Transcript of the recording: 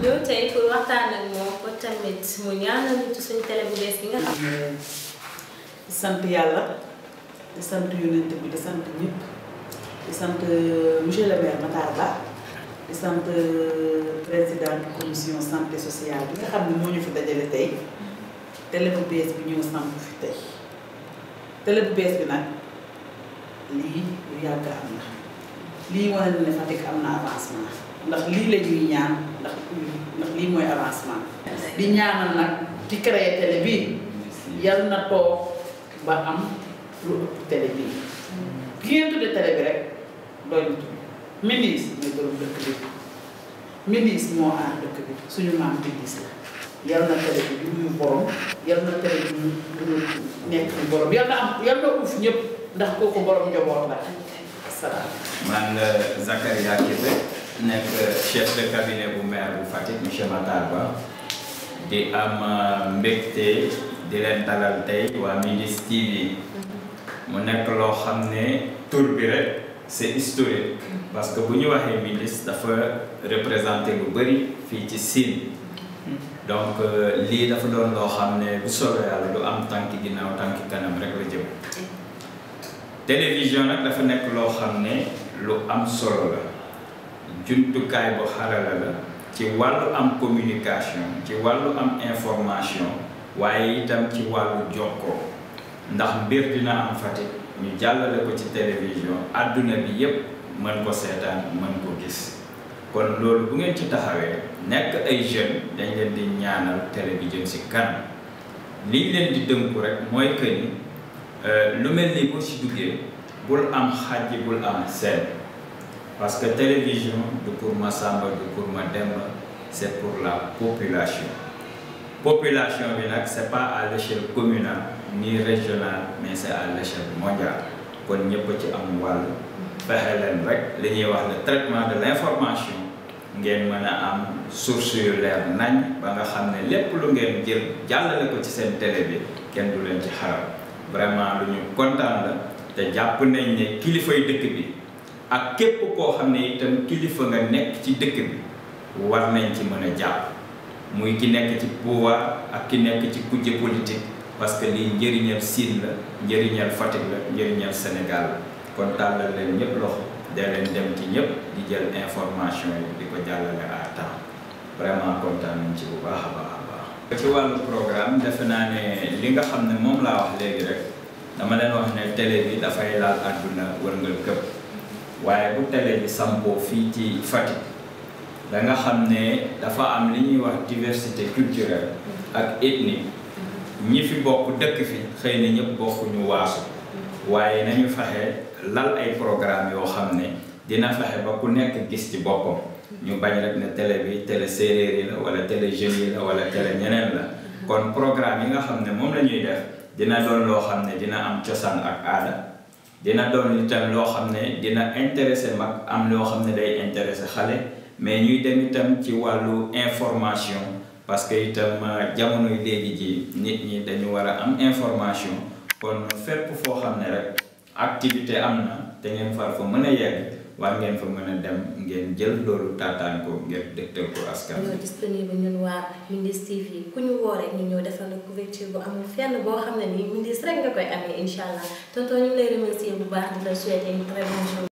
ñëw tey pour waxtaan ak moom ba tamit mu ñaanal ñu ci suñu télé bu bees bi nga xam. di sant yàlla di sant yonent bi di sant ñëpp di sant euh, monsieur le maire Ba di sant euh, président commission santé sociale bi nga xam ne moo ñu fi dajale tey télé bu bees bi ñëw samp fi tey télé bu bees bi nag lii lu yàgg am na lii wane na ne Fatick am na avancement. ndax lii la ñuy ñaan ndax lii mooy avancement bi ñaanal nag ci créer télé bii yal toog ba am lu ëpp télé bii ki ngeen tuddee télé bi rek doy na tudd Mindis mooy borom dëkk bi Mindis moo aar dëkk bi suñu maam Mindis la yal na télé bi du ñu borom yal na bi du nekk borom yal am yal uuf ñëpp ndax kooku borom njaboot la asalaam man la euh, Zakaria Kébé nekk chef de cabinet bu maire bu Fatick monsieur Matar Ba di am euh, mbégte di leen dalal tey waa Mindiss TV mu nekk loo xam ne tur bi rek c'est historique parce que bu ñu waxee Mindiss dafa représenté lu bëri fii ci Sine donc euh, lii dafa doon loo xam ne bu soobee yàlla du am tànki ginnaaw tànki kanam rek la jëm télévision nag dafa nekk loo xam ne lu am solo la jumtukaay bu xarala la ci wàllu am communication ci wàllu am information waaye itam ci wàllu jokkoo ndax mbir dina am Fatick ñu jàllale ko ci télévision àdduna bi yépp mën ko seetaan mën ko gis kon loolu bu ngeen ci taxawee nekk ay jeunes dañ leen di ñaanal télé bi jëm si kanam leen di dënku rek mooy que ni euh, lu mel ni boo si duggee bul am xàjji bul am seen Parce que télévision, du pour Massamba, du pour Mademba, c'est pour la population. Population, ce n'est pas à l'échelle communale ni régionale, mais c'est à l'échelle mondiale. Pour nous, nous wax le traitement de l'information. ngeen mën a am source yu leer nañ ba nga xam ne lépp lu ngeen jël jàllale ko ci seen télé bi kenn du leen ci xaram vraiment lu ñu kontaan la te jàpp nañ ne kilifay dëkk bi ak képp koo xam ne itam kilifa nga nekk ci dëkk bi war nañ ci mën a jàpp muy ki nekk ci pouvoir ak ki nekk ci kujje politique parce que lii njëriñal Sine la njëriñal Fatick la njëriñal Sénégal la kon tàllal leen ñëpp loxo da leen dem ci ñëpp di jël information yi di ko jàllale à temps vraiment kontaan nañ ci bu baax a baax ci wàllu programme defe naa ne li nga xam ne moom laa wax léegi rek dama leen wax ne télé bi dafay laal àdduna wërngal këpp waaye bu télé bi sampoo fii ci Fatick da nga xam ne dafa am li ñuy wax diversité culturelle ak ethnique ñi fi bokk dëkk fi xëy na ñëpp bokkuñu waasu waaye nañu faxe lal ay programme yoo xam ne dina fexe ba ku nekk gis ci boppam ñu bañ rek ne télé bi télé séeréer la wala télé jeunes la wala télé ñeneen la kon programme yi nga xam ne moom lañuy ñuy dina doon loo xam ne dina am cosaan ak aada dina doon itam loo xam ne dina intéressé mag am loo xam ne day intéressé xale mais ñuy dem itam ci wàllu information parce que itam euh, jamonoy léegi ji nit ñi dañu war a am information kon fépp foo xam ne rek activité am na te ngeen far fa mën a yegg war ngeen fa mën a dem ngeen jël loolu taataan ko ngeen dégtal ko askan ñoo disponible ñun waa Mindiss yi ku ñu woo rek ñu ñëw defal la couverture bu amul fenn boo xam ne nii Mindiss rek nga koy amee incha allah tonton ñu lay remercier bu baax di la souhaiter une très bonne